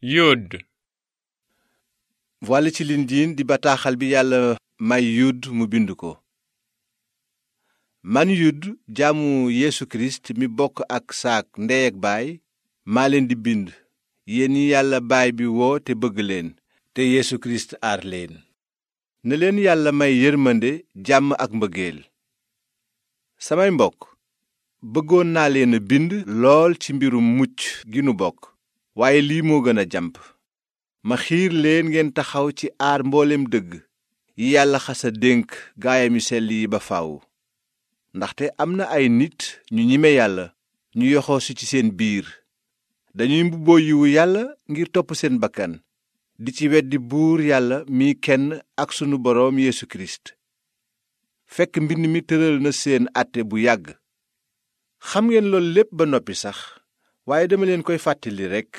yudd wàll ci lindiin di bataaxal bi yàlla may yudd mu bind ko man yudd jaamu yeesu kirist mi bokk ak saak ndey ak baay maa leen di bind yéen ñi yàlla baay bi woo te bëgg leen te yeesu kirist aar leen ne leen yàlla may yërmande jàmm ak mbëggeel samay mbokk bëggoon naa leena bind lool ci mbirum mucc gi nu bokk waaye lii moo gën a jàmp ma xiir leen ngeen taxaw ci aar mbooleem dëgg yi yàlla xasa dénk gaayam yu sell yi ba faaw ndaxte am na ay nit ñu ñime yàlla ñu yoxoosu ci seen biir dañuy mbubboo yiwu yàlla ngir topp seen bakkan di ci wet di buur yàlla mii kenn ak sunu boroom Yeesu Kirist fekk mbind mi tëral na seen àtte bu yàgg xam ngeen loolu lépp ba noppi sax waaye dama leen koy fàttali rekk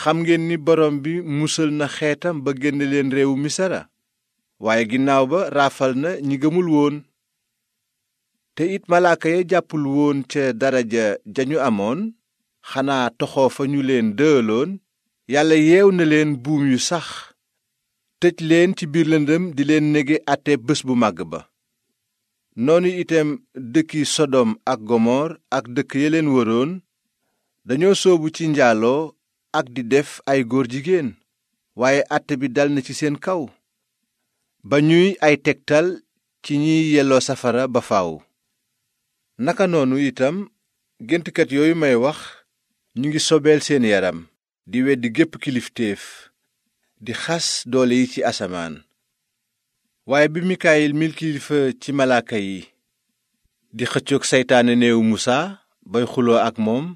xam ngeen ni borom bi musal na xeetam ba génn leen réewu misara waaye ginnaaw ba raafal na ñi gëmul woon te it malaaka ya jàppul woon ca daraja jañu amoon xanaa toxoo fa ñu leen dëëloon yàlla yeew na leen buum yu sax tëj leen ci biir lëndëm di leen nege àtte bés bu màgg ba noonu itam dëkki sodom ak gomor ak dëkk ya leen wëroon dañoo soobu ci njaaloo ak di def ay góor jigéen waaye àtte bi dal na ci seen kaw ba ñuy ay tegtal ci ñiy yelloo safara ba faw naka noonu itam géntkat yooyu may wax ñu ngi sobeel seen yaram di weddi gépp kilifteef di xas doole yi ci asamaan waaye bi mikaayil mil kilifa ci malaaka yi di xëccoog seytaane néew musaa bay xuloo ak moom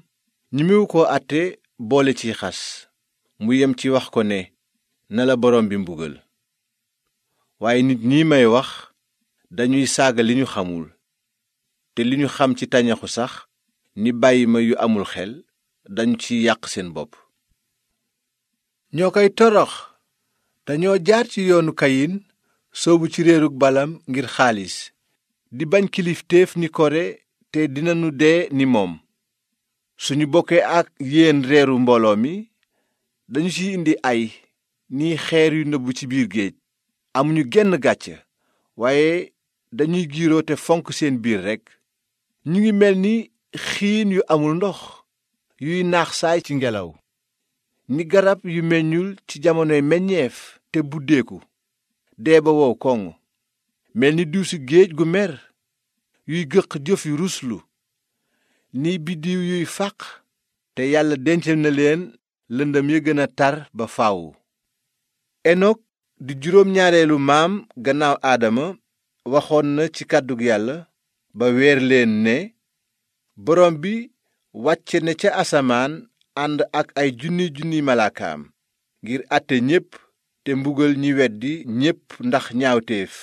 ñimiwu ko àtte boole ci xas mu yem ci wax ko ne na la borom bi mbugal waaye nit ñi may wax dañuy saaga li ñu xamul te li ñu xam ci tañaxu sax ni bàyyi ma yu amul xel dañu ci yàq seen bopp ñoo koy torox dañoo jaar ci yoonu kayin soobu ci réerug balam ngir xaalis di bañ kilifteef ni kore te dinanu dee ni moom suñu bokkee ak yéen reeru mbooloo mi dañu ci indi ay ni xeer yu nëbbu ci biir géej amuñu genn gàcce waaye dañuy giiroo te fonk seen biir rekk ñu ngi mel ni xiin yu amul ndox yuy naax saay ci ngelaw ni garab yu meññul ci jamonoy meññeef te buddeeku dee ba wow koŋ mel ni duusi géej gu mer yuy gëq jëf yu ruslu ni biddiw yuy fàq te yàlla dencal na leen lëndëm yi gën a tar ba faw enok di juróom ñaareelu maam gannaaw aadama waxoon na ci kàddug yàlla ba weer leen ne borom bi wàcce na ca asamaan ànd ak ay junni junni malaakaam ngir àtte ñépp te mbugal ñi weddi ñépp ndax ñaawteef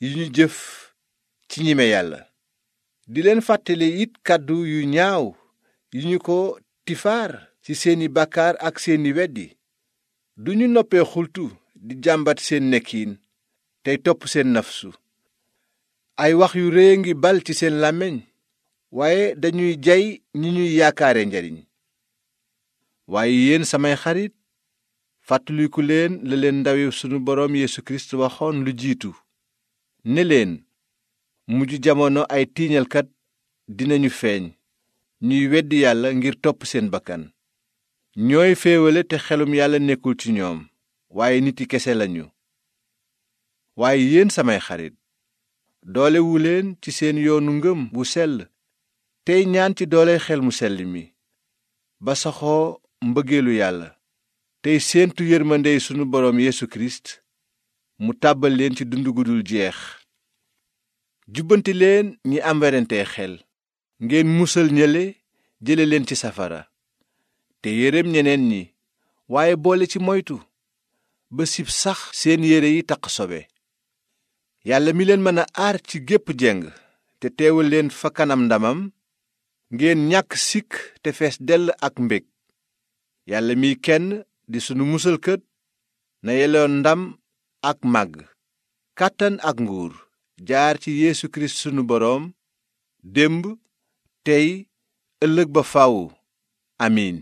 yi ñu jëf ci ñime yàlla di leen fàttali it kàddu yu ñaaw yi ñu ko tifaar ci seeni bàkkaar ak seeni weddi duñu noppee xultu di jàmbat seen nekkiin tey topp seen nafsu ay wax yu réy a ngi bal ci seen làmmiñ waaye dañuy jay ñi ñuy yaakaare njariñ waaye yéen samay xarit fàttaliku leen la leen ndawi sunu boroom Yeesu Kirist waxoon lu jiitu ne leen mujj jamono ay tiiñalkat dinañu feeñ ñuy wedd yàlla ngir topp seen bakkan ñooy féewale te xelum yàlla nekkul ci ñoom waaye nit yi kese lañu waaye yéen samay xarit doolewu leen ci seen yoonu ngëm bu sell tey ñaan ci doole xel mu sell mi ba soxoo mbëggeelu yàlla tey séentu yërmandey sunu boroom Yeesu Kirist mu tàbbal leen ci dund jeex jubbanti leen ñi am werantee xel ngeen musal ñële jële leen ci safara te yërëm ñeneen ñi waaye boole ci moytu ba sib sax seen yére yi taq sobe yàlla mi leen mën a aar ci gépp jeng te teewal leen fa kanam ndamam ngeen ñàkk sikk te fees dell ak mbég yàlla miy kenn di sunu musalkat na yeloon ndam ak màgg kàttan ak nguur jaar ci Yeesu Kirist sunu boroom démb tey ëllëg ba faw amiin